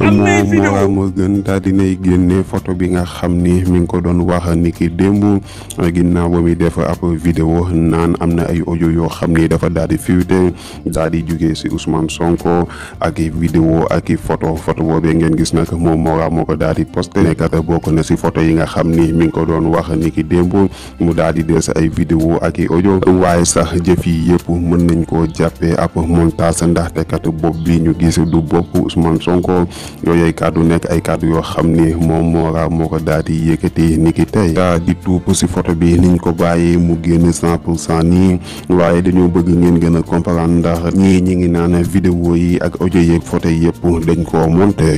moom moo gën daal dinay génne photo bi nga xam ni mi ngi ko doon wax ni ki démb ginnaaw ba muy def ab vidéo naan am na ay audio yoo xam ni dafa daal di fuité daal di jugee si Ousmane Sonko ak i vidéo ak i photo photo boobee ngeen gis nag moom moo ko daal di posté nekkat bokk na si photo yi nga xam ni mi ngi ko doon wax ni ki démb mu daal di des ay vidéo ak i audio waaye sax jëf yi yëpp mën nañ koo jàppee ab montage ndaxte kat bopp bi ñu gis du bopp Ousmane Sonko. yooyu ay kàddu nekk ay kàddu yoo xam ni moom moo Moora moo ko daal di yëkkati nit ki tey daa di tuub si photo bi niñ ko bàyyee mu génn cent pour cent nii waaye dañoo bëgg ngeen gën a comprendre ndax ñii ñi ngi naan vidéo yi ak audio yeeg photo yëpp dañ koo monté